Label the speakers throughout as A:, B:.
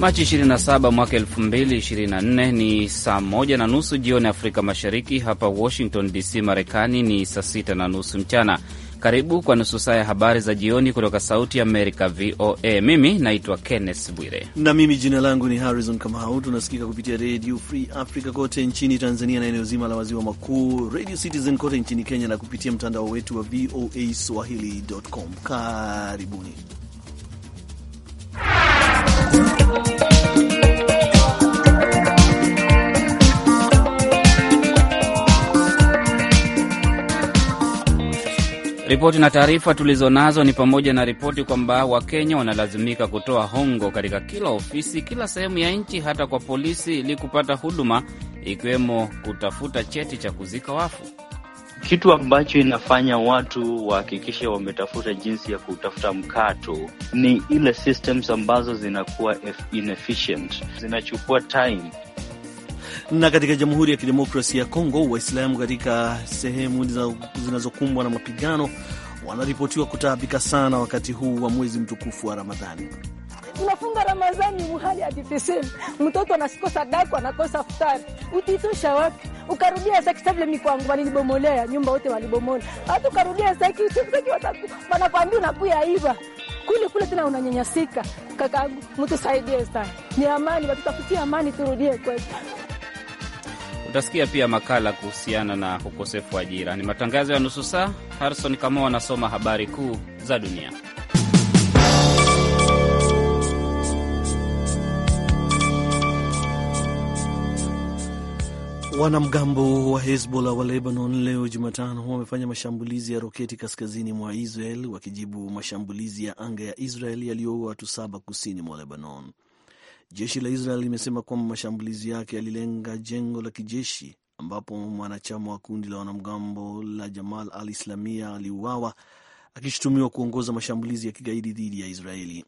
A: Machi 27 mwaka 2024 ni saa moja na nusu jioni Afrika Mashariki. Hapa Washington DC, Marekani ni saa sita na nusu mchana. Karibu kwa nusu saa ya habari za jioni kutoka Sauti ya Amerika, VOA. Mimi naitwa Kenneth Bwire
B: na mimi jina langu ni Harrison Kamau. Tunasikika kupitia Redio Free Africa kote nchini Tanzania na eneo zima la maziwa makuu, Radio Citizen kote nchini Kenya na kupitia mtandao wetu wa VOA swahili.com. Karibuni.
A: Ripoti na taarifa tulizonazo ni pamoja na ripoti kwamba Wakenya wanalazimika kutoa hongo katika kila ofisi, kila sehemu ya nchi, hata kwa polisi, ili kupata huduma ikiwemo kutafuta cheti cha kuzika wafu kitu ambacho inafanya watu wahakikishe wametafuta jinsi ya kutafuta mkato ni ile systems ambazo zinakuwa inefficient, zinachukua time.
B: Na katika Jamhuri ya Kidemokrasia ya Kongo, Waislamu katika sehemu zinazokumbwa na mapigano wanaripotiwa kutaabika sana wakati huu wa mwezi mtukufu wa Ramadhani
C: tunafunga Ramadhani muhali adifeseli, mtoto anasikosa daku, anakosa futari, utitosha wapi? Ukarudia saki sabile mikwangu walinibomolea nyumba wote walibomola, hata ukarudia saki wataku wanakwambia unakuya iva kule kule tena unanyanyasika. Kakaangu, mtusaidie sana, ni amani, watutafutia amani, turudie kwetu.
A: Utasikia pia makala kuhusiana na ukosefu wa ajira. Ni matangazo ya nusu saa. Harison Kamau anasoma habari kuu za dunia.
B: Wanamgambo wa Hezbollah wa Lebanon leo Jumatano wamefanya mashambulizi ya roketi kaskazini mwa Israel wakijibu mashambulizi ya anga ya Israel yaliyoua watu saba kusini mwa Lebanon. Jeshi la Israel limesema kwamba mashambulizi yake yalilenga jengo la kijeshi ambapo mwanachama wa kundi la wanamgambo la Jamal al Islamia aliuawa akishutumiwa kuongoza mashambulizi ya kigaidi dhidi ya Israeli.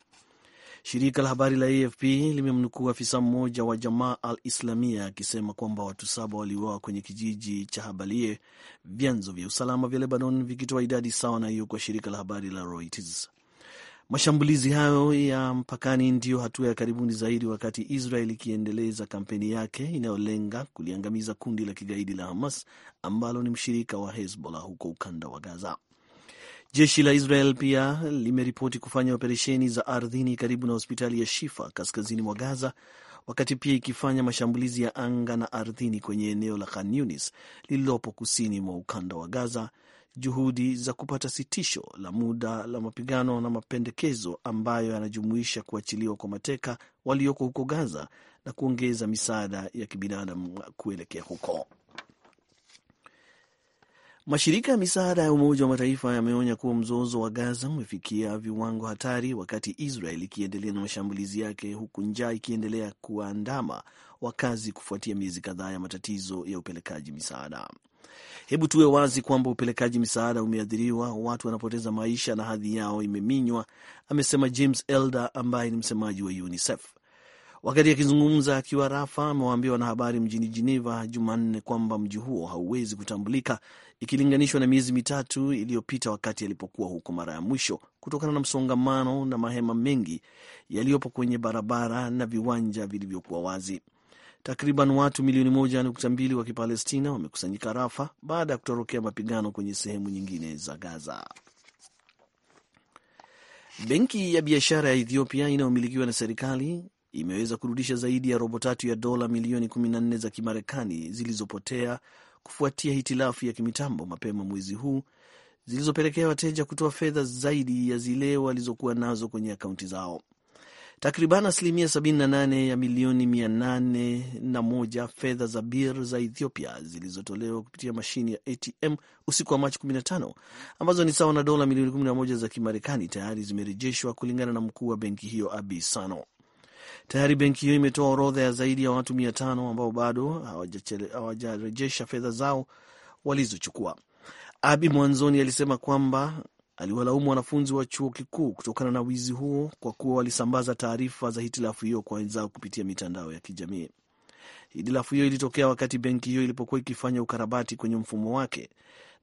B: Shirika la habari la AFP limemnukuu afisa mmoja wa Jamaa al Islamia akisema kwamba watu saba waliuawa kwenye kijiji cha Habalie, vyanzo vya usalama vya Lebanon vikitoa idadi sawa na hiyo kwa shirika la habari la Reuters. Mashambulizi hayo ya mpakani ndiyo hatua ya karibuni zaidi wakati Israel ikiendeleza kampeni yake inayolenga kuliangamiza kundi la kigaidi la Hamas ambalo ni mshirika wa Hezbollah huko ukanda wa Gaza. Jeshi la Israel pia limeripoti kufanya operesheni za ardhini karibu na hospitali ya Shifa kaskazini mwa Gaza, wakati pia ikifanya mashambulizi ya anga na ardhini kwenye eneo la Khan Yunis lililopo kusini mwa ukanda wa Gaza, juhudi za kupata sitisho la muda la mapigano na mapendekezo ambayo yanajumuisha kuachiliwa kwa mateka walioko huko Gaza na kuongeza misaada ya kibinadamu kuelekea huko. Mashirika ya misaada ya Umoja wa Mataifa yameonya kuwa mzozo wa Gaza umefikia viwango hatari, wakati Israel ikiendelea na mashambulizi yake, huku njaa ikiendelea kuwaandama wakazi kufuatia miezi kadhaa ya matatizo ya upelekaji misaada. Hebu tuwe wazi kwamba upelekaji misaada umeathiriwa, watu wanapoteza maisha na hadhi yao imeminywa, amesema James Elder ambaye ni msemaji wa UNICEF. Wakati akizungumza akiwa Rafa, amewaambia wanahabari mjini Geneva Jumanne kwamba mji huo hauwezi kutambulika ikilinganishwa na miezi mitatu iliyopita wakati alipokuwa huko mara ya mwisho, kutokana na msongamano na mahema mengi yaliyopo kwenye barabara na viwanja vilivyokuwa wazi. Takriban watu milioni moja nukta mbili wa Kipalestina wamekusanyika Rafa baada ya kutorokea mapigano kwenye sehemu nyingine za Gaza. Benki ya biashara ya Ethiopia inayomilikiwa na serikali imeweza kurudisha zaidi ya robo tatu ya dola milioni 14 za Kimarekani zilizopotea kufuatia hitilafu ya kimitambo mapema mwezi huu zilizopelekea wateja kutoa fedha zaidi ya zile walizokuwa nazo kwenye akaunti zao. Takriban asilimia 78 ya milioni 801 fedha za bir za Ethiopia zilizotolewa kupitia mashini ya ATM usiku wa Machi 15 ambazo ni sawa na dola milioni 11 za Kimarekani tayari zimerejeshwa kulingana na mkuu wa benki hiyo Abi Sano. Tayari benki hiyo imetoa orodha ya zaidi ya watu mia tano ambao bado hawajarejesha fedha zao walizochukua. Abi mwanzoni alisema kwamba aliwalaumu wanafunzi wa chuo kikuu kutokana na wizi huo kwa kuwa walisambaza taarifa za hitilafu hiyo kwa wenzao kupitia mitandao ya kijamii. Hitilafu hiyo ilitokea wakati benki hiyo ilipokuwa ikifanya ukarabati kwenye mfumo wake,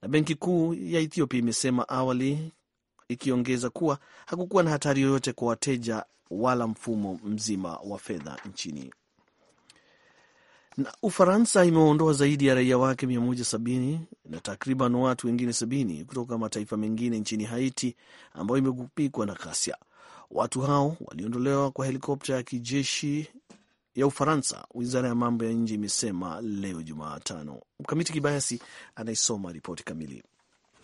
B: na benki kuu ya Ethiopia imesema awali ikiongeza kuwa hakukuwa na hatari yoyote kwa wateja wala mfumo mzima wa fedha nchini. Na Ufaransa imeondoa zaidi ya raia wake 170 na takriban watu wengine 70 kutoka mataifa mengine nchini Haiti ambayo imegupikwa na ghasia. Watu hao waliondolewa kwa helikopta ya kijeshi ya Ufaransa, wizara ya mambo ya nje imesema leo Jumatano. Mkamiti Kibayasi anaisoma ripoti kamili.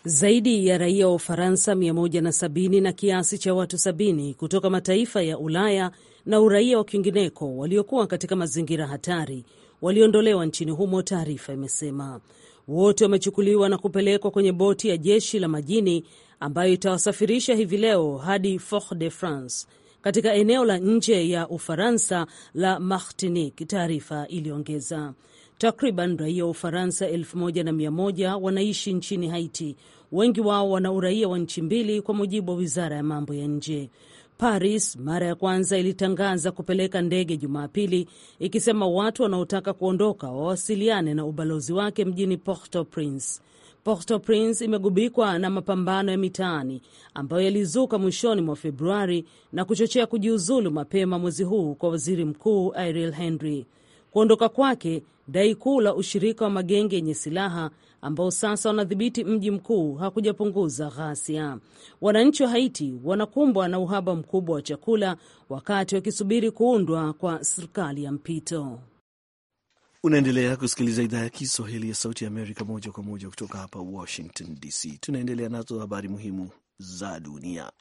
C: Zaidi ya raia wa Ufaransa 170 na kiasi cha watu 70 kutoka mataifa ya Ulaya na uraia wa kwingineko waliokuwa katika mazingira hatari waliondolewa nchini humo, taarifa imesema. Wote wamechukuliwa na kupelekwa kwenye boti ya jeshi la majini ambayo itawasafirisha hivi leo hadi Fort de France katika eneo la nje ya Ufaransa la Martinique, taarifa iliongeza. Takriban raia wa Ufaransa 1100 wanaishi nchini Haiti, wengi wao wana uraia wa nchi mbili, kwa mujibu wa wizara ya mambo ya nje. Paris mara ya kwanza ilitangaza kupeleka ndege Jumapili ikisema watu wanaotaka kuondoka wawasiliane na ubalozi wake mjini porto prince porto prince imegubikwa na mapambano ya mitaani ambayo yalizuka mwishoni mwa Februari na kuchochea kujiuzulu mapema mwezi huu kwa waziri mkuu Ariel Henry. Kuondoka kwake, dai kuu la ushirika wa magenge yenye silaha ambao sasa wanadhibiti mji mkuu hakujapunguza ghasia. Wananchi wa Haiti wanakumbwa na uhaba mkubwa wa chakula wakati wakisubiri kuundwa kwa serikali ya mpito.
B: Unaendelea kusikiliza idhaa ya Kiswahili ya Sauti ya Amerika moja kwa moja kutoka hapa Washington DC. Tunaendelea nazo habari muhimu za dunia.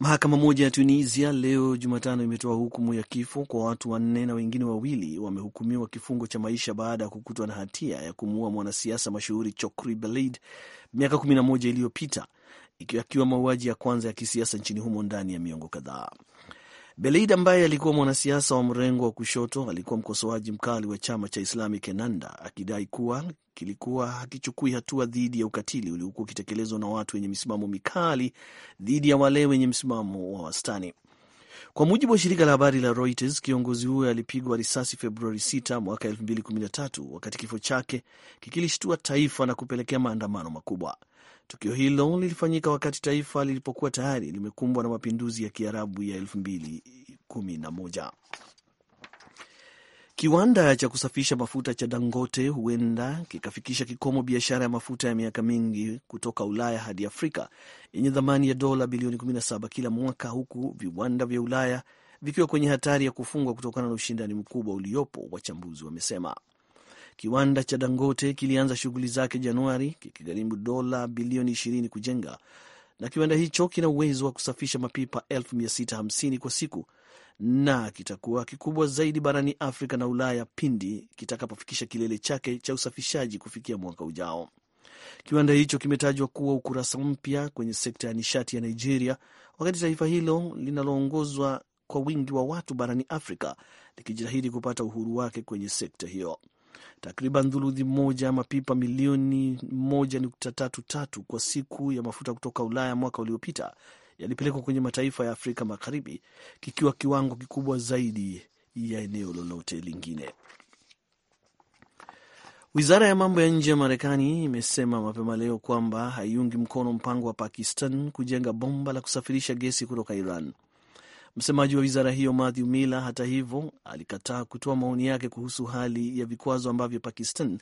B: Mahakama moja ya Tunisia leo Jumatano imetoa hukumu ya kifo kwa watu wanne na wengine wawili wamehukumiwa kifungo cha maisha baada ya kukutwa na hatia ya kumuua mwanasiasa mashuhuri Chokri Belid miaka moja iliyopita, ikiwa mauaji ya kwanza ya kisiasa nchini humo ndani ya miongo kadhaa. Beleid ambaye alikuwa mwanasiasa wa mrengo wa kushoto alikuwa mkosoaji mkali wa chama cha Islamic Enanda akidai kuwa kilikuwa hakichukui hatua dhidi ya ukatili uliokuwa ukitekelezwa na watu wenye misimamo mikali dhidi ya wale wenye msimamo wa wastani. Kwa mujibu wa shirika la habari la Reuters, kiongozi huyo alipigwa risasi Februari 6 mwaka 2013 wakati kifo chake kikilishtua taifa na kupelekea maandamano makubwa. Tukio hilo lilifanyika wakati taifa lilipokuwa tayari limekumbwa na mapinduzi ya Kiarabu ya 2011. Kiwanda cha kusafisha mafuta cha Dangote huenda kikafikisha kikomo biashara ya mafuta ya miaka mingi kutoka Ulaya hadi Afrika yenye thamani ya dola bilioni 17 kila mwaka, huku viwanda vya Ulaya vikiwa kwenye hatari ya kufungwa kutokana na ushindani mkubwa uliopo, wachambuzi wamesema. Kiwanda cha Dangote kilianza shughuli zake Januari kikigharimu dola bilioni 20 kujenga, na kiwanda hicho kina uwezo wa kusafisha mapipa 650 kwa siku na kitakuwa kikubwa zaidi barani Afrika na Ulaya pindi kitakapofikisha kilele chake cha usafishaji kufikia mwaka ujao. Kiwanda hicho kimetajwa kuwa ukurasa mpya kwenye sekta ya nishati ya Nigeria, wakati taifa hilo linaloongozwa kwa wingi wa watu barani Afrika likijitahidi kupata uhuru wake kwenye sekta hiyo. Takriban thuluthi moja ya mapipa milioni 1.33 kwa siku ya mafuta kutoka Ulaya mwaka uliopita yalipelekwa kwenye mataifa ya Afrika Magharibi, kikiwa kiwango kikubwa zaidi ya eneo lolote lingine. Wizara ya mambo ya nje ya Marekani imesema mapema leo kwamba haiungi mkono mpango wa Pakistan kujenga bomba la kusafirisha gesi kutoka Iran. Msemaji wa wizara hiyo Matthew Miller, hata hivyo, alikataa kutoa maoni yake kuhusu hali ya vikwazo ambavyo Pakistan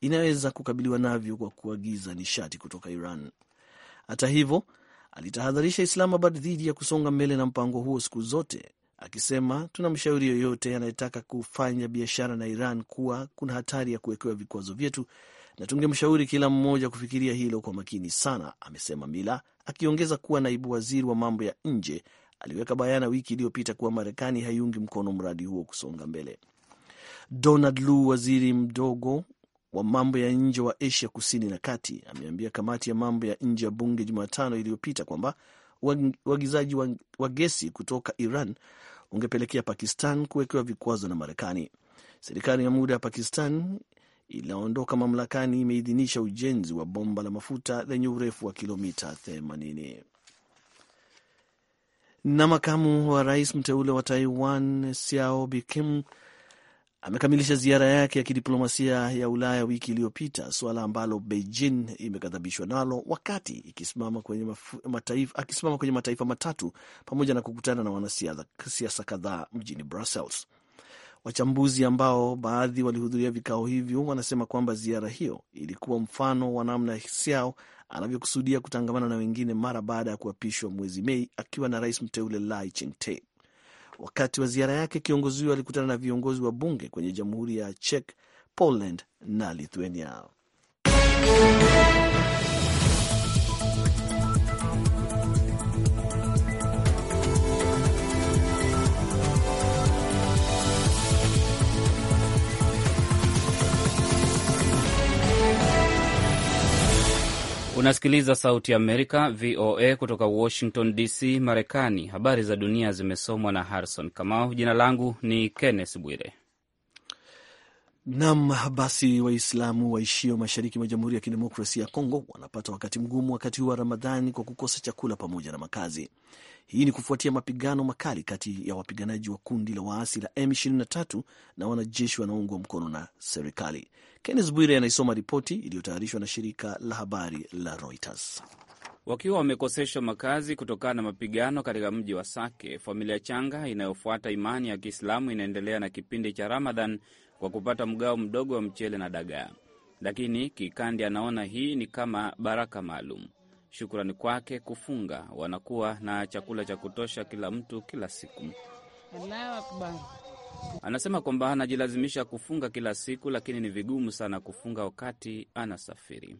B: inaweza kukabiliwa navyo kwa kuagiza nishati kutoka Iran. Hata hivyo, alitahadharisha Islamabad dhidi ya kusonga mbele na mpango huo siku zote, akisema tuna mshauri yoyote anayetaka kufanya biashara na Iran kuwa kuna hatari ya kuwekewa vikwazo vyetu na tungemshauri kila mmoja kufikiria hilo kwa makini sana, amesema Mila, akiongeza kuwa naibu waziri wa mambo ya nje aliweka bayana wiki iliyopita kuwa Marekani haiungi mkono mradi huo kusonga mbele. Donald Lu, waziri mdogo wa mambo ya nje wa Asia kusini na kati, ameambia kamati ya mambo ya nje ya bunge Jumatano iliyopita kwamba uagizaji wa, wa gesi kutoka Iran ungepelekea Pakistan kuwekewa vikwazo na Marekani. Serikali ya muda ya Pakistan inaondoka mamlakani imeidhinisha ujenzi wa bomba la mafuta lenye urefu wa kilomita 80 na makamu wa rais mteule wa Taiwan Siao Bikim amekamilisha ziara yake ya kidiplomasia ya Ulaya wiki iliyopita, suala ambalo Beijing imekadhabishwa nalo wakati ikisimama kwenye mataifa, akisimama kwenye mataifa matatu pamoja na kukutana na wanasiasa kadhaa mjini Brussels. Wachambuzi ambao baadhi walihudhuria vikao hivyo wanasema kwamba ziara hiyo ilikuwa mfano wa namna Siao anavyokusudia kutangamana na wengine mara baada ya kuapishwa mwezi Mei akiwa na rais mteule Lai Ching-te. Wakati wa ziara yake, kiongozi huyo alikutana na viongozi wa bunge kwenye jamhuri ya Czech, Poland na Lithuania.
A: Unasikiliza Sauti ya Amerika, VOA, kutoka Washington DC, Marekani. Habari za dunia zimesomwa na Harrison Kamau. Jina langu ni Kenneth Bwire.
B: Nam basi, Waislamu waishio mashariki mwa Jamhuri ya Kidemokrasia ya Kongo wanapata wakati mgumu wakati huu wa Ramadhani kwa kukosa chakula pamoja na makazi. Hii ni kufuatia mapigano makali kati ya wapiganaji wa kundi la waasi la M23 na wanajeshi wanaoungwa mkono na serikali. Kennes Bwire anaisoma ripoti iliyotayarishwa na shirika la habari la Reuters.
A: Wakiwa wamekosesha makazi kutokana na mapigano katika mji wa Sake, familia changa inayofuata imani ya Kiislamu inaendelea na kipindi cha Ramadhan kwa kupata mgao mdogo wa mchele na dagaa, lakini Kikandi anaona hii ni kama baraka maalum. Shukrani kwake kufunga, wanakuwa na chakula cha kutosha kila mtu kila siku. Anasema kwamba anajilazimisha kufunga kila siku, lakini ni vigumu sana kufunga wakati anasafiri.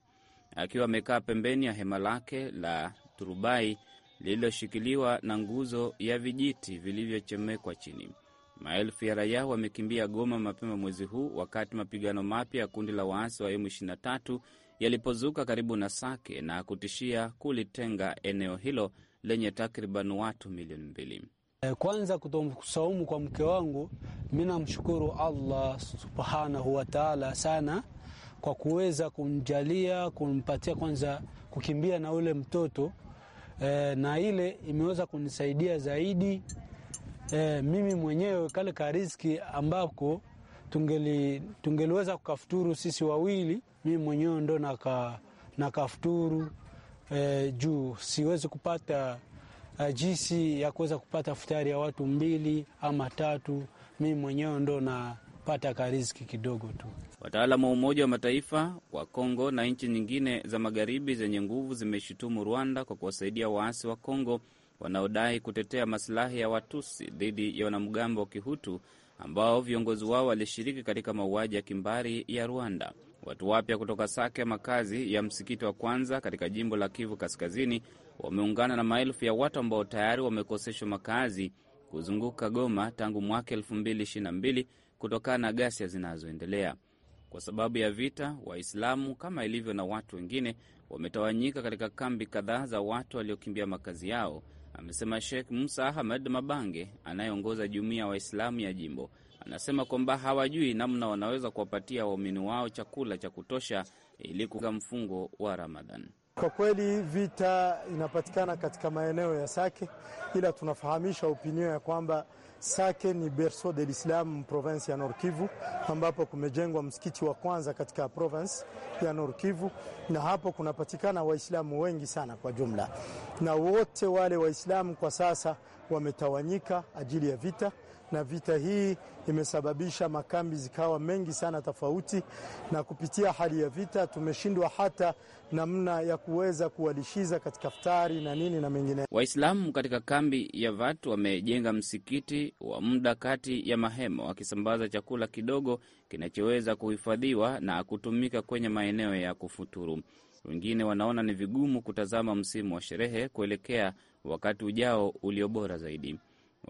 A: Akiwa amekaa pembeni ya hema lake la turubai lililoshikiliwa na nguzo ya vijiti vilivyochemekwa chini, maelfu ya raia wamekimbia Goma mapema mwezi huu, wakati mapigano mapya ya kundi la waasi wa M23 yalipozuka karibu na Sake na kutishia kulitenga eneo hilo lenye takriban watu milioni mbili. E, kwanza kutosaumu kwa mke wangu, mi namshukuru Allah subhanahu wataala sana kwa kuweza kumjalia kumpatia kwanza kukimbia na ule mtoto e, na ile imeweza kunisaidia zaidi e, mimi mwenyewe kale kariski riziki ambako tungeli, tungeliweza kukafuturu sisi wawili mi mwenyewe ndo naka, nakafuturu eh, juu siwezi kupata eh, jisi ya kuweza kupata futari ya watu mbili ama tatu. Mi mwenyewe ndo napata kariziki kidogo tu. Wataalamu wa Umoja wa Mataifa wa Kongo na nchi nyingine za magharibi zenye nguvu zimeshutumu Rwanda kwa kuwasaidia waasi wa Kongo wanaodai kutetea masilahi ya Watusi dhidi ya wanamgambo wa Kihutu ambao viongozi wao walishiriki katika mauaji ya kimbari ya Rwanda. Watu wapya kutoka Sake, makazi ya msikiti wa kwanza katika jimbo la Kivu Kaskazini, wameungana na maelfu ya watu ambao tayari wamekoseshwa makazi kuzunguka Goma tangu mwaka 2022 kutokana na ghasia zinazoendelea kwa sababu ya vita. Waislamu kama ilivyo na watu wengine wametawanyika katika kambi kadhaa za watu waliokimbia makazi yao, amesema Sheikh Musa Ahmad Mabange anayeongoza jumuiya ya Waislamu ya jimbo. Anasema kwamba hawajui namna wanaweza kuwapatia waumini wao chakula cha kutosha ili kuga mfungo wa Ramadhan.
D: Kwa kweli vita inapatikana katika maeneo ya Sake, ila tunafahamisha opinio ya kwamba Sake ni berceau de l'Islam province ya Nord Kivu, ambapo kumejengwa msikiti wa kwanza katika province ya Nord Kivu, na hapo kunapatikana Waislamu wengi sana kwa jumla, na wote wale Waislamu kwa sasa wametawanyika ajili ya vita na vita hii imesababisha makambi zikawa mengi sana tofauti, na kupitia hali ya vita tumeshindwa hata namna ya kuweza kuwalishiza katika futari na nini na mengine.
A: Waislamu katika kambi ya Vat wamejenga msikiti wa muda kati ya mahema, wakisambaza chakula kidogo kinachoweza kuhifadhiwa na kutumika kwenye maeneo ya kufuturu. Wengine wanaona ni vigumu kutazama msimu wa sherehe kuelekea wakati ujao ulio bora zaidi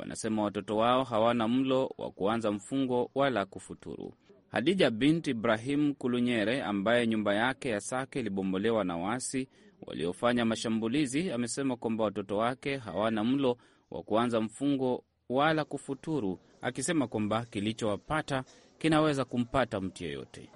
A: wanasema watoto wao hawana mlo wa kuanza mfungo wala kufuturu. Hadija bint Ibrahim Kulunyere, ambaye nyumba yake ya Sake ilibombolewa na waasi waliofanya mashambulizi, amesema kwamba watoto wake hawana mlo wa kuanza mfungo wala kufuturu, akisema kwamba kilichowapata kinaweza kumpata mtu yeyote.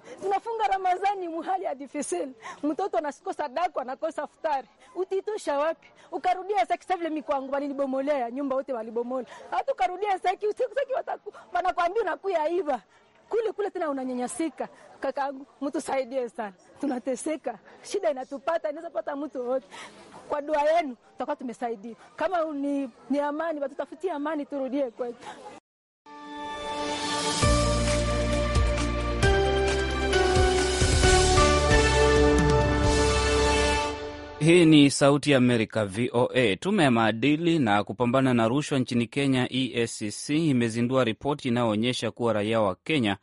C: Ramazani muhali ya adifisili, mtoto anakosa dako, anakosa futari, utitosha wapi? Ukarudia saki savile mikwangu walinibomolea nyumba wote walibomola, hata ukarudia saki saki wanakwambia unakuya iba kule kule tena unanyanyasika. Kakaangu, mtusaidie sana, tunateseka, shida inatupata, inaweza pata mtu wote. Kwa dua yenu tutakuwa tumesaidia. Kama ni, ni amani, watutafutie amani, turudie kwetu.
A: Hii ni Sauti ya Amerika, VOA. Tume ya maadili na kupambana na rushwa nchini Kenya, EACC, imezindua ripoti inayoonyesha kuwa raia wa Kenya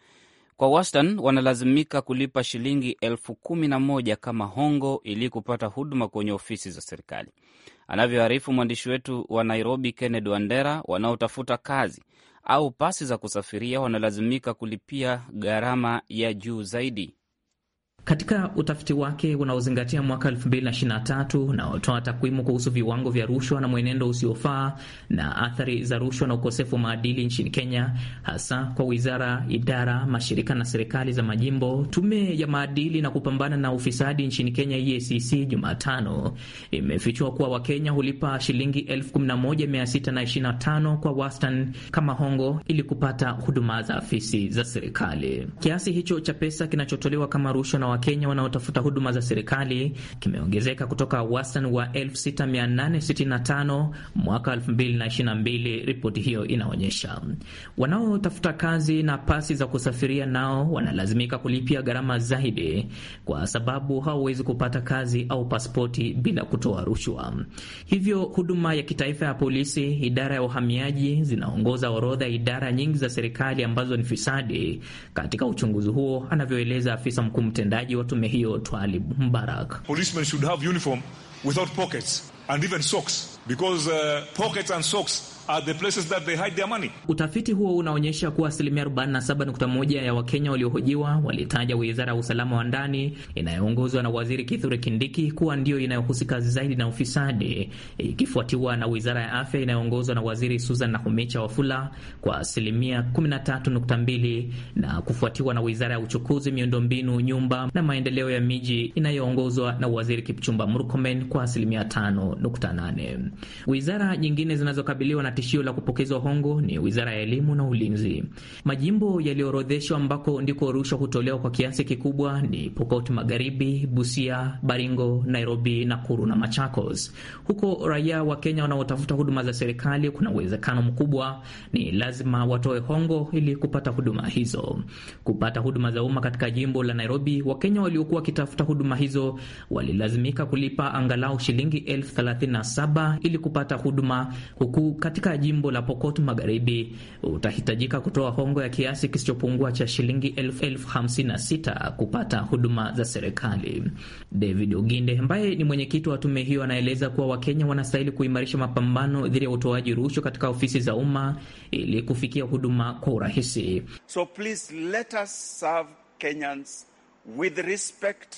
A: kwa wastan wanalazimika kulipa shilingi elfu kumi na moja kama hongo ili kupata huduma kwenye ofisi za serikali. Anavyoarifu mwandishi wetu wa Nairobi, Kennedy Wandera, wanaotafuta kazi au pasi za kusafiria wanalazimika kulipia gharama ya juu zaidi.
E: Katika utafiti wake unaozingatia mwaka 2023 unaotoa takwimu kuhusu viwango vya rushwa na mwenendo usiofaa na athari za rushwa na ukosefu wa maadili nchini Kenya, hasa kwa wizara, idara, mashirika na serikali za majimbo, tume ya maadili na kupambana na ufisadi nchini Kenya EACC Jumatano imefichua kuwa Wakenya hulipa shilingi 11625 kwa wastani kama hongo ili kupata huduma za afisi za serikali. Kiasi hicho cha pesa kinachotolewa kama rushwa na Wakenya wanaotafuta huduma za serikali kimeongezeka kutoka wastani wa 6865 mwaka 2022, ripoti hiyo inaonyesha. Wanaotafuta kazi na pasi za kusafiria nao wanalazimika kulipia gharama zaidi, kwa sababu hawawezi kupata kazi au pasipoti bila kutoa rushwa. Hivyo huduma ya kitaifa ya polisi, idara ya uhamiaji zinaongoza orodha ya idara nyingi za serikali ambazo ni fisadi katika uchunguzi huo, anavyoeleza afisa mkuu mtendaji mtendaji wa tume hiyo Twalib Mbarak.
B: Policemen should have uniform without pockets
E: and even socks because uh, pockets and socks Are the places that they hide their money. Utafiti huo unaonyesha kuwa asilimia 47.1 ya Wakenya waliohojiwa walitaja wizara ya usalama wa ndani inayoongozwa na Waziri Kithure Kindiki kuwa ndiyo inayohusika zaidi na ufisadi, ikifuatiwa na wizara ya afya inayoongozwa na Waziri Susan Nakhumicha Wafula kwa asilimia 13.2 na kufuatiwa na wizara ya uchukuzi, miundombinu, nyumba na maendeleo ya miji inayoongozwa na Waziri Kipchumba Murkomen kwa asilimia 5.8. Wizara nyingine zinazokabiliwa na tishio la kupokezwa hongo ni wizara ya elimu na ulinzi. Majimbo yaliyoorodheshwa ambako ndiko rushwa hutolewa kwa kiasi kikubwa ni Pokot Magharibi, Busia, Baringo, Nairobi, Nakuru na Machakos. Huko raia wa Kenya wanaotafuta huduma za serikali, kuna uwezekano mkubwa ni lazima watoe hongo ili kupata huduma hizo. Kupata huduma za umma katika jimbo la Nairobi, Wakenya waliokuwa wakitafuta huduma hizo walilazimika kulipa angalau shilingi elfu thelathini na saba ili kupata huduma huku katika katika jimbo la Pokot Magharibi utahitajika kutoa hongo ya kiasi kisichopungua cha shilingi elfu hamsini na sita kupata huduma za serikali. David Oginde ambaye ni mwenyekiti wa tume hiyo anaeleza kuwa Wakenya wanastahili kuimarisha mapambano dhidi ya utoaji rushwa katika ofisi za umma ili kufikia huduma kwa urahisi.
F: So please let us serve Kenyans with respect,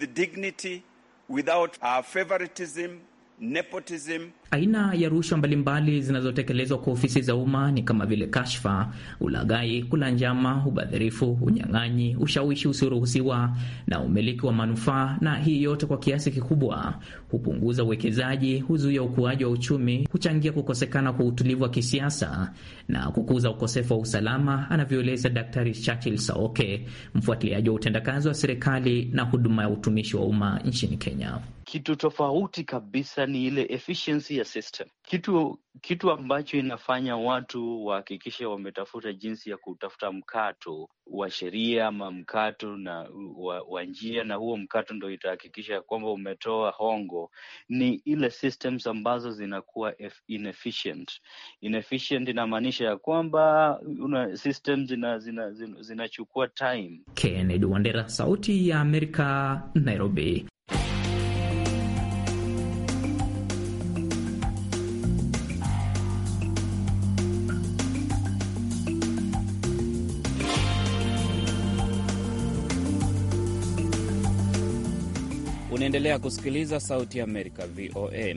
F: with dignity, without favoritism,
A: nepotism
E: Aina ya rushwa mbalimbali zinazotekelezwa kwa ofisi za umma ni kama vile kashfa, ulaghai, kula njama, ubadhirifu, unyang'anyi, ushawishi usioruhusiwa na umiliki wa manufaa, na hii yote kwa kiasi kikubwa hupunguza uwekezaji, huzuia ukuaji wa uchumi, huchangia kukosekana kwa utulivu wa kisiasa na kukuza ukosefu wa usalama, anavyoeleza Daktari Churchill Saoke, mfuatiliaji wa utendakazi wa serikali na huduma ya utumishi wa umma nchini Kenya.
B: Kitu tofauti kabisa
A: ni ile efficiency system. Kitu kitu ambacho inafanya watu wahakikishe wametafuta jinsi ya kutafuta mkato wa sheria ama mkato na wa, wa njia na huo mkato ndo itahakikisha kwamba umetoa hongo ni ile systems ambazo zinakuwa inefficient. Inefficient inamaanisha ya kwamba una systems zinachukua zina, zina, zina time.
E: Kennedy Wandera, Sauti ya Amerika, Nairobi.
A: Unaendelea kusikiliza Sauti ya Amerika, VOA.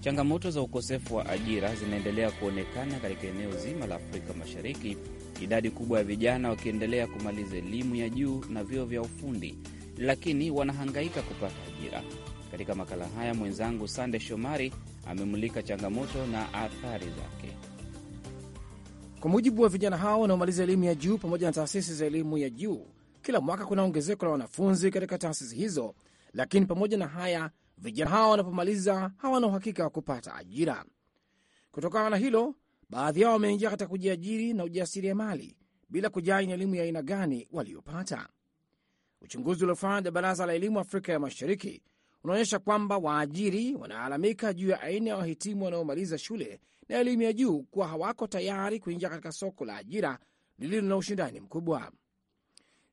A: Changamoto za ukosefu wa ajira zinaendelea kuonekana katika eneo zima la Afrika Mashariki, idadi kubwa ya vijana wakiendelea kumaliza elimu ya juu na vyuo vya ufundi, lakini wanahangaika kupata ajira. Katika makala haya mwenzangu Sande
G: Shomari amemulika changamoto na athari zake. Kwa mujibu wa vijana hao wanaomaliza elimu ya juu pamoja na taasisi za elimu ya juu, kila mwaka kuna ongezeko la wanafunzi katika taasisi hizo lakini pamoja na haya, vijana hawa wanapomaliza hawana uhakika wa kupata ajira. Kutokana na hilo, baadhi yao wameingia katika kujiajiri na ujasiriamali bila kujali ni elimu ya aina gani waliopata. Uchunguzi uliofanywa na Baraza la Elimu Afrika ya Mashariki unaonyesha kwamba waajiri wanaalamika juu ya aina ya wahitimu wanaomaliza shule na elimu ya juu kuwa hawako tayari kuingia katika soko la ajira lililo na ushindani mkubwa.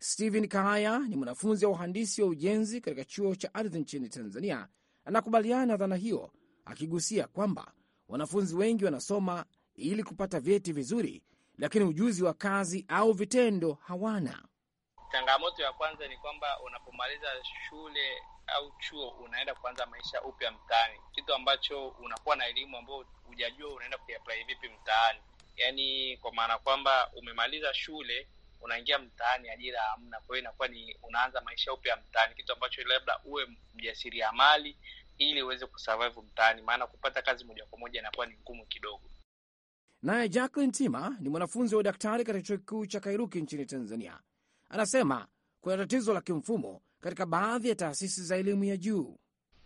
G: Steven Kahaya ni mwanafunzi wa uhandisi wa ujenzi katika chuo cha ardhi nchini Tanzania. Anakubaliana na dhana hiyo, akigusia kwamba wanafunzi wengi wanasoma ili kupata vyeti vizuri, lakini ujuzi wa kazi au vitendo hawana.
A: Changamoto ya kwanza ni kwamba unapomaliza shule au chuo unaenda kuanza maisha upya mtaani, kitu ambacho unakuwa na elimu ambayo hujajua unaenda kuiapply vipi mtaani, yaani kwa maana kwamba umemaliza shule unaingia mtaani, ajira hamna. Kwa hiyo inakuwa ni unaanza maisha upya mtaani, kitu ambacho labda uwe mali ili uweze kusurvive mtaani, maana kupata kazi moja kwa moja inakuwa ni ngumu kidogo.
G: Naye jacklin Tima ni mwanafunzi wa udaktari katika chuo kikuu cha Kairuki nchini Tanzania, anasema kuna tatizo la kimfumo katika baadhi ya taasisi za elimu ya juu.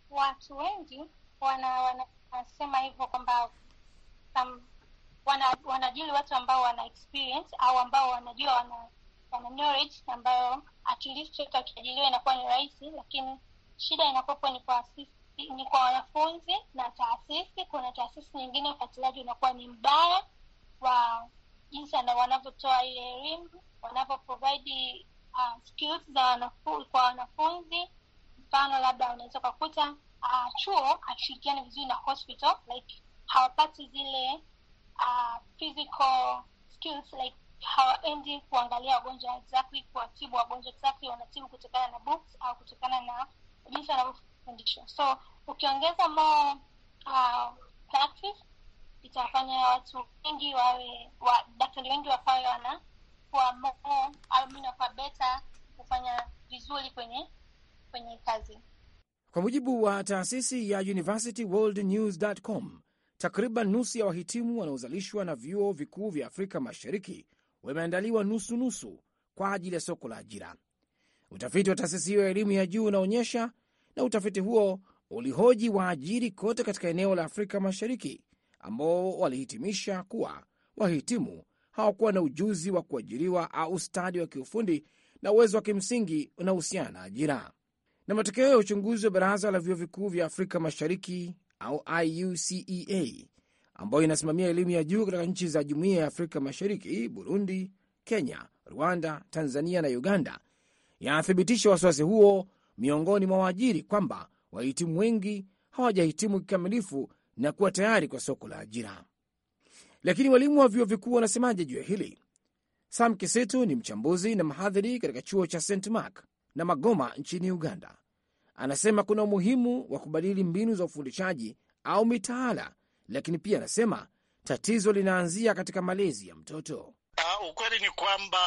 H: Watu wengi wanasema wana, hivyo kwamba wana, wanajili watu ambao wana experience au ambao wanajua wana, wana knowledge ambayo at least watu wakiajiliwa inakuwa ni rahisi, lakini shida inakuwepo ni kwa sisi ni kwa wanafunzi na taasisi. Kuna taasisi nyingine ufuatiliaji unakuwa ni mbaya wa jinsi wanavyotoa ile elimu, wanavyo provide uh, skills za wanafu, kwa wanafunzi. Mfano, labda unaweza ukakuta uh, chuo hashirikiani vizuri na hospital like hawapati zile uh, physical skills like hawaendi kuangalia wagonjwa exactly, kuwatibu wagonjwa exactly, wanatibu kutokana na books au kutokana na jinsi wanavyofundishwa. So ukiongeza more uh, practice itafanya watu wengi wawe wa, wengi wakawe wanakuwa more almini wakawa beta kufanya vizuri kwenye kwenye kazi.
G: Kwa mujibu wa taasisi ya universityworldnews.com Takriban nusu ya wahitimu wanaozalishwa na vyuo vikuu vya Afrika Mashariki wameandaliwa nusu nusu kwa ajili ya soko la ajira. Utafiti wa taasisi hiyo ya elimu ya juu unaonyesha, na utafiti huo ulihoji waajiri kote katika eneo la Afrika Mashariki ambao walihitimisha kuwa wahitimu hawakuwa na ujuzi wa kuajiriwa au stadi wa kiufundi na uwezo wa kimsingi unahusiana na ajira. Na matokeo ya uchunguzi wa baraza la vyuo vikuu vya Afrika Mashariki au IUCEA ambayo inasimamia elimu ya juu katika nchi za Jumuiya ya Afrika Mashariki, Burundi, Kenya, Rwanda, Tanzania na Uganda, yanathibitisha wasiwasi huo miongoni mwa waajiri kwamba wahitimu wengi hawajahitimu kikamilifu na kuwa tayari kwa soko la ajira. Lakini walimu wa vyuo vikuu wanasemaje juu ya hili? Sam Kisitu ni mchambuzi na mhadhiri katika chuo cha St Mark na Magoma nchini Uganda. Anasema kuna umuhimu wa kubadili mbinu za ufundishaji au mitaala, lakini pia anasema tatizo linaanzia katika malezi ya mtoto.
D: Uh, ukweli ni kwamba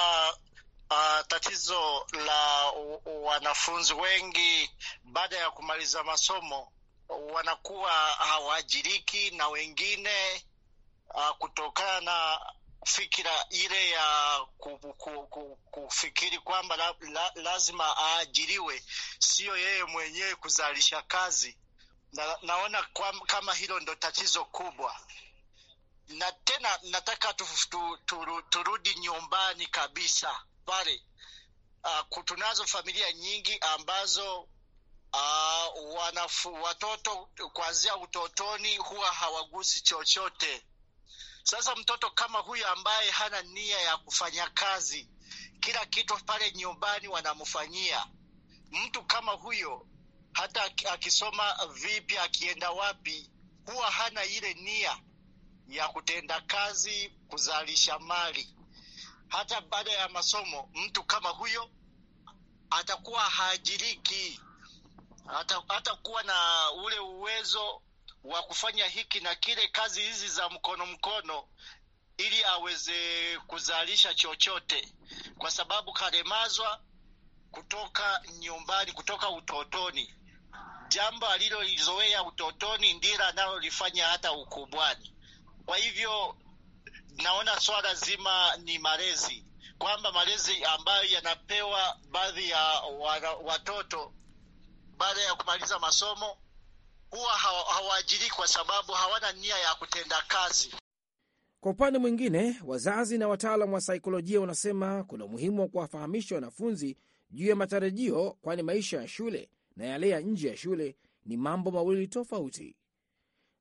D: Uh, tatizo la wanafunzi wengi baada ya kumaliza masomo wanakuwa hawaajiriki na wengine uh, kutokana na fikira ile ya kufikiri kwamba la, la, lazima aajiriwe, siyo yeye mwenyewe kuzalisha kazi na, naona kwa, kama hilo ndo tatizo kubwa na tena nataka tu, tu, tu, turudi nyumbani kabisa pale. Uh, tunazo familia nyingi ambazo uh, wanafu, watoto kuanzia utotoni huwa hawagusi chochote sasa mtoto kama huyu ambaye hana nia ya kufanya kazi, kila kitu pale nyumbani wanamfanyia, mtu kama huyo hata akisoma vipi, akienda wapi, huwa hana ile nia ya kutenda kazi, kuzalisha mali. Hata baada ya masomo, mtu kama huyo atakuwa haajiriki, atakuwa na ule uwezo wa kufanya hiki na kile, kazi hizi za mkono mkono, ili aweze kuzalisha chochote, kwa sababu kalemazwa kutoka nyumbani, kutoka utotoni. Jambo alilolizoea utotoni ndilo analolifanya hata ukubwani. Kwa hivyo naona swala zima ni malezi, kwamba malezi ambayo yanapewa baadhi ya watoto baada ya kumaliza masomo huwa hawaajiri kwa sababu hawana nia ya kutenda
G: kazi. Kwa upande mwingine, wazazi na wataalam wa saikolojia wanasema kuna umuhimu wa kuwafahamisha wanafunzi juu ya matarajio, kwani maisha ya shule na yale ya nje ya shule ni mambo mawili tofauti.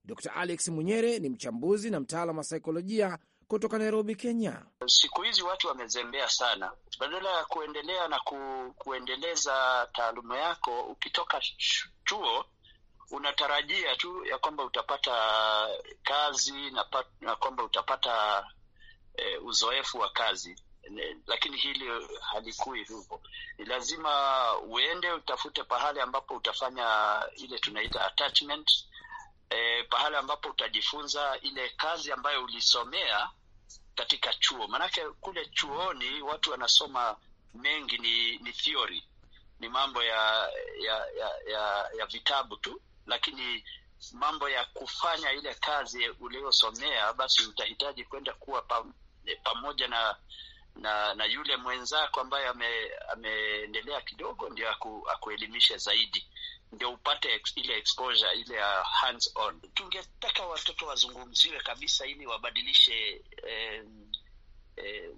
G: Dr Alex Munyere ni mchambuzi na mtaalam wa saikolojia kutoka Nairobi, Kenya.
F: Siku hizi watu wamezembea sana. Badala ya kuendelea na ku, kuendeleza taaluma yako ukitoka chuo unatarajia tu ya kwamba utapata kazi na, pat, na kwamba utapata e, uzoefu wa kazi ne, lakini hili halikui hivyo. Ni lazima uende utafute pahali ambapo utafanya ile tunaita attachment eh, pahali ambapo utajifunza ile kazi ambayo ulisomea katika chuo, maanake kule chuoni watu wanasoma mengi ni, ni theory ni mambo ya ya ya, ya, ya vitabu tu lakini mambo ya kufanya ile kazi uliyosomea, basi utahitaji kwenda kuwa eh, pamoja na na na yule mwenzako ambaye ame, ameendelea kidogo, ndio aku, akuelimishe zaidi, ndio upate ex, ile exposure ile hands on. Tungetaka watoto wazungumziwe kabisa, ili wabadilishe eh, eh,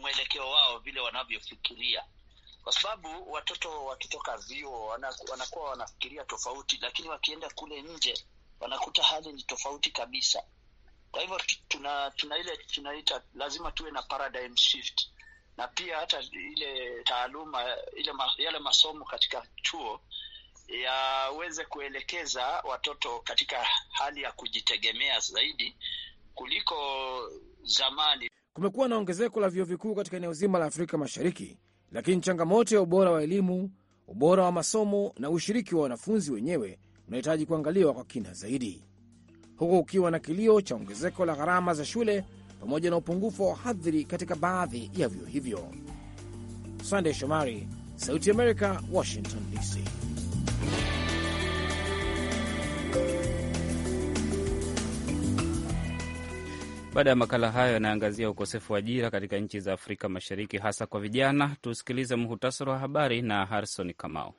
F: mwelekeo wao vile wanavyofikiria kwa sababu watoto wakitoka vyuo wanakuwa wanafikiria tofauti, lakini wakienda kule nje wanakuta hali ni tofauti kabisa. Kwa hivyo tuna, tuna ile tunaita lazima tuwe na paradigm shift, na pia hata ile taaluma ile ma, yale masomo katika chuo yaweze kuelekeza watoto katika hali ya kujitegemea zaidi kuliko zamani.
G: Kumekuwa na ongezeko la vyuo vikuu katika eneo zima la Afrika Mashariki lakini changamoto ya ubora wa elimu, ubora wa masomo na ushiriki wa wanafunzi wenyewe unahitaji kuangaliwa kwa kina zaidi, huku ukiwa na kilio cha ongezeko la gharama za shule pamoja na upungufu wa wahadhiri katika baadhi ya vyuo hivyo. Sandey Shomari, Sauti ya Amerika, Washington DC.
A: Baada ya makala hayo yanaangazia ukosefu wa ajira katika nchi za Afrika Mashariki, hasa kwa vijana. Tusikilize muhutasari wa habari na Harison
B: Kamau.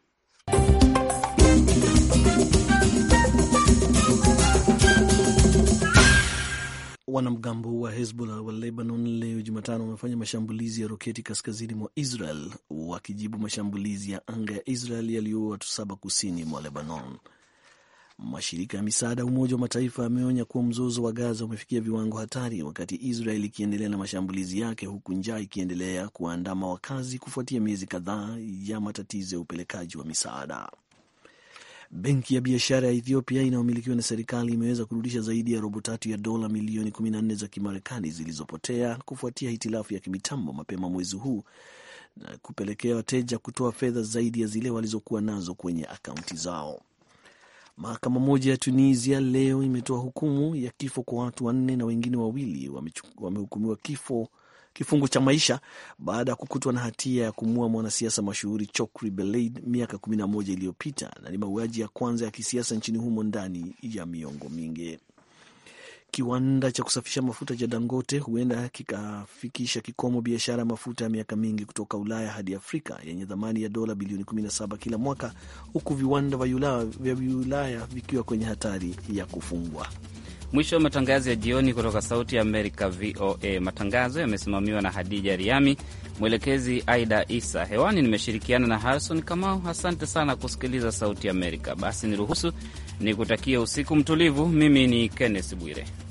B: Wanamgambo wa Hezbollah wa Lebanon leo Jumatano wamefanya mashambulizi ya roketi kaskazini mwa Israel wakijibu mashambulizi ya anga ya Israel yaliyoua watu saba kusini mwa Lebanon. Mashirika ya misaada ya Umoja wa Mataifa yameonya kuwa mzozo wa Gaza umefikia viwango hatari, wakati Israel ikiendelea na mashambulizi yake, huku njaa ikiendelea kuandama wakazi kufuatia miezi kadhaa ya matatizo ya upelekaji wa misaada. Benki ya biashara ya Ethiopia inayomilikiwa na serikali imeweza kurudisha zaidi ya robo tatu ya dola milioni 14 za Kimarekani zilizopotea kufuatia hitilafu ya kimitambo mapema mwezi huu na kupelekea wateja kutoa fedha zaidi ya zile walizokuwa nazo kwenye akaunti zao. Mahakama moja ya Tunisia leo imetoa hukumu ya kifo kwa watu wanne na wengine wawili wamehukumiwa kifo kifungo cha maisha baada ya kukutwa na hatia ya kumua mwanasiasa mashuhuri Chokri Belaid miaka kumi na moja iliyopita na ni mauaji ya kwanza ya kisiasa nchini humo ndani ya miongo mingi. Kiwanda cha kusafisha mafuta cha Dangote huenda kikafikisha kikomo biashara ya mafuta ya miaka mingi kutoka Ulaya hadi Afrika yenye thamani ya dola bilioni 17 kila mwaka, huku viwanda vya Ulaya vikiwa kwenye hatari ya kufungwa.
A: Mwisho wa matangazo ya jioni kutoka Sauti ya Amerika, VOA. Matangazo yamesimamiwa na Hadija Riami, mwelekezi Aida Isa. Hewani nimeshirikiana na Harrison Kamau. Asante sana kusikiliza Sauti Amerika. Basi niruhusu nikutakie usiku mtulivu. Mimi ni Kenneth Bwire.